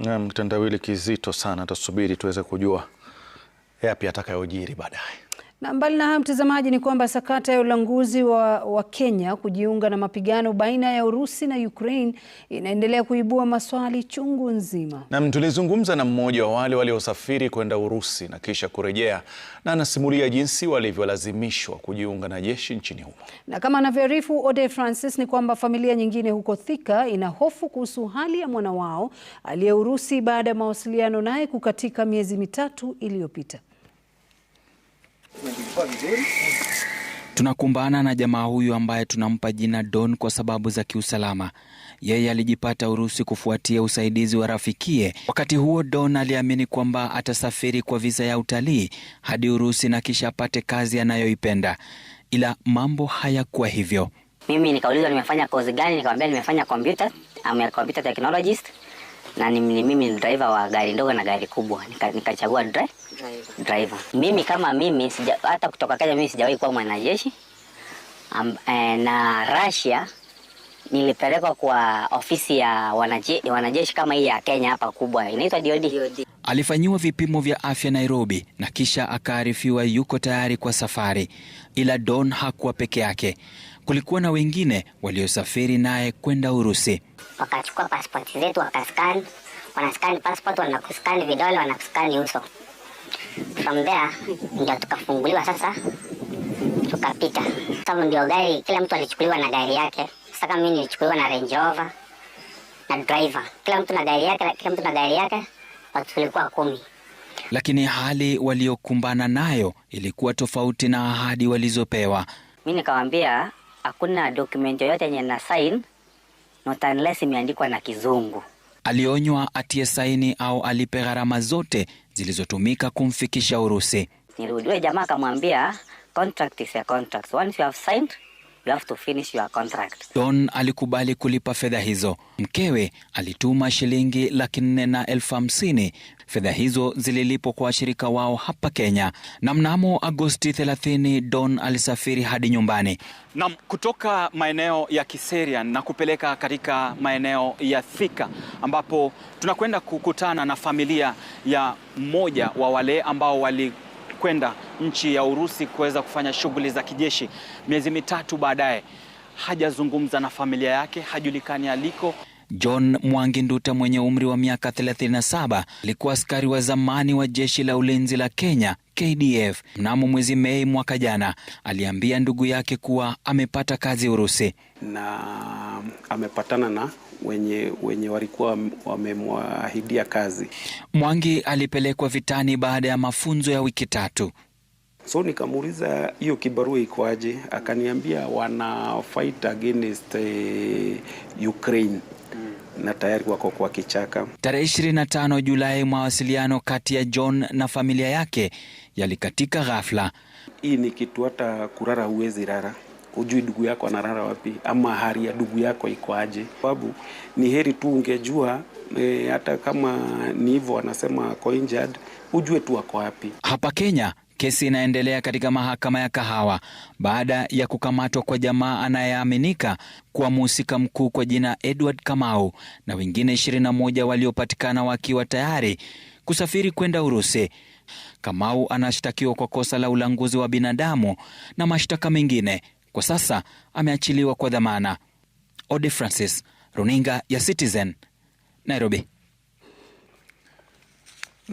Mtandawili kizito sana, tusubiri tuweze kujua yapi atakayojiri baadaye. Na mbali na hayo mtazamaji, ni kwamba sakata ya ulanguzi wa, wa Kenya kujiunga na mapigano baina ya Urusi na Ukraine inaendelea kuibua maswali chungu nzima. Nam, tulizungumza na mmoja wa wale waliosafiri kwenda Urusi na kisha kurejea, na anasimulia jinsi walivyolazimishwa kujiunga na jeshi nchini humo. Na kama anavyoarifu Ode Francis, ni kwamba familia nyingine huko Thika ina hofu kuhusu hali ya mwana wao aliye Urusi baada ya mawasiliano naye kukatika miezi mitatu iliyopita. Tunakumbana na jamaa huyu ambaye tunampa jina Don kwa sababu za kiusalama. Yeye alijipata Urusi kufuatia usaidizi wa rafikie. Wakati huo, Don aliamini kwamba atasafiri kwa visa ya utalii hadi Urusi na kisha apate kazi anayoipenda, ila mambo hayakuwa hivyo. Mimi nikauliza nimefanya kozi gani, nikamwambia nimefanya computer, am a computer technologist na mimi ni driver wa gari ndogo na gari kubwa, nikachagua nika driver. driver mimi kama mimi sija, hata kutoka Kenya mimi sijawahi kuwa mwanajeshi um, e, na Russia nilipelekwa kwa ofisi ya wanajeshi, wanajeshi kama hii ya Kenya hapa kubwa inaitwa DOD. Alifanyiwa vipimo vya afya Nairobi na kisha akaarifiwa yuko tayari kwa safari, ila Don hakuwa peke yake. Kulikuwa na wengine waliosafiri naye kwenda Urusi. Wakachukua passport zetu wakaskan, wanaskan passport, wanakuskan vidole, wanakuskan uso. From there ndio tukafunguliwa sasa, tukapita. Sababu ndio gari, kila mtu alichukuliwa na gari yake. Sasa kama mimi nilichukuliwa na Range Rover na driver, kila mtu na gari yake, kila mtu na gari yake tulikuwa kumi. Lakini hali waliokumbana nayo ilikuwa tofauti na ahadi walizopewa. Mi nikawambia hakuna dokumenti yoyote yenye na sain notanles imeandikwa na Kizungu. Alionywa atie saini au alipe gharama zote zilizotumika kumfikisha Urusi. Nirudiwe, jamaa akamwambia contract is a contract. Once you have signed Don alikubali kulipa fedha hizo. Mkewe alituma shilingi laki nne na elfu hamsini. Fedha hizo zililipwa kwa washirika wao hapa Kenya, na mnamo Agosti 30 Don alisafiri hadi nyumbani nam kutoka maeneo ya Kiserian na kupeleka katika maeneo ya Thika, ambapo tunakwenda kukutana na familia ya mmoja wa wale ambao wali kwenda nchi ya Urusi kuweza kufanya shughuli za kijeshi. Miezi mitatu baadaye hajazungumza na familia yake, hajulikani aliko. John Mwangi Nduta mwenye umri wa miaka 37 alikuwa askari wa zamani wa jeshi la ulinzi la Kenya KDF. Mnamo mwezi Mei mwaka jana, aliambia ndugu yake kuwa amepata kazi Urusi na amepatana na wenye, wenye walikuwa wamemwahidia kazi. Mwangi alipelekwa vitani baada ya mafunzo ya wiki tatu. So nikamuuliza hiyo kibarua ikoaje? Akaniambia wana fight against uh, Ukraine na tayari wako kwa kichaka. Tarehe 25 Julai, mawasiliano kati ya John na familia yake yalikatika ghafla. Hii ni kitu hata kurara huwezi rara, hujui ndugu yako anarara wapi ama hali ya ndugu yako iko aje, sababu ni heri tu ungejua e, hata kama ni hivyo wanasema coinjured, hujue tu wako wapi. Hapa Kenya Kesi inaendelea katika mahakama ya Kahawa baada ya kukamatwa kwa jamaa anayeaminika kuwa mhusika mkuu kwa jina Edward Kamau na wengine 21 waliopatikana wakiwa tayari kusafiri kwenda Urusi. Kamau anashtakiwa kwa kosa la ulanguzi wa binadamu na mashtaka mengine. Kwa sasa ameachiliwa kwa dhamana. Ode Francis, Runinga ya Citizen, Nairobi.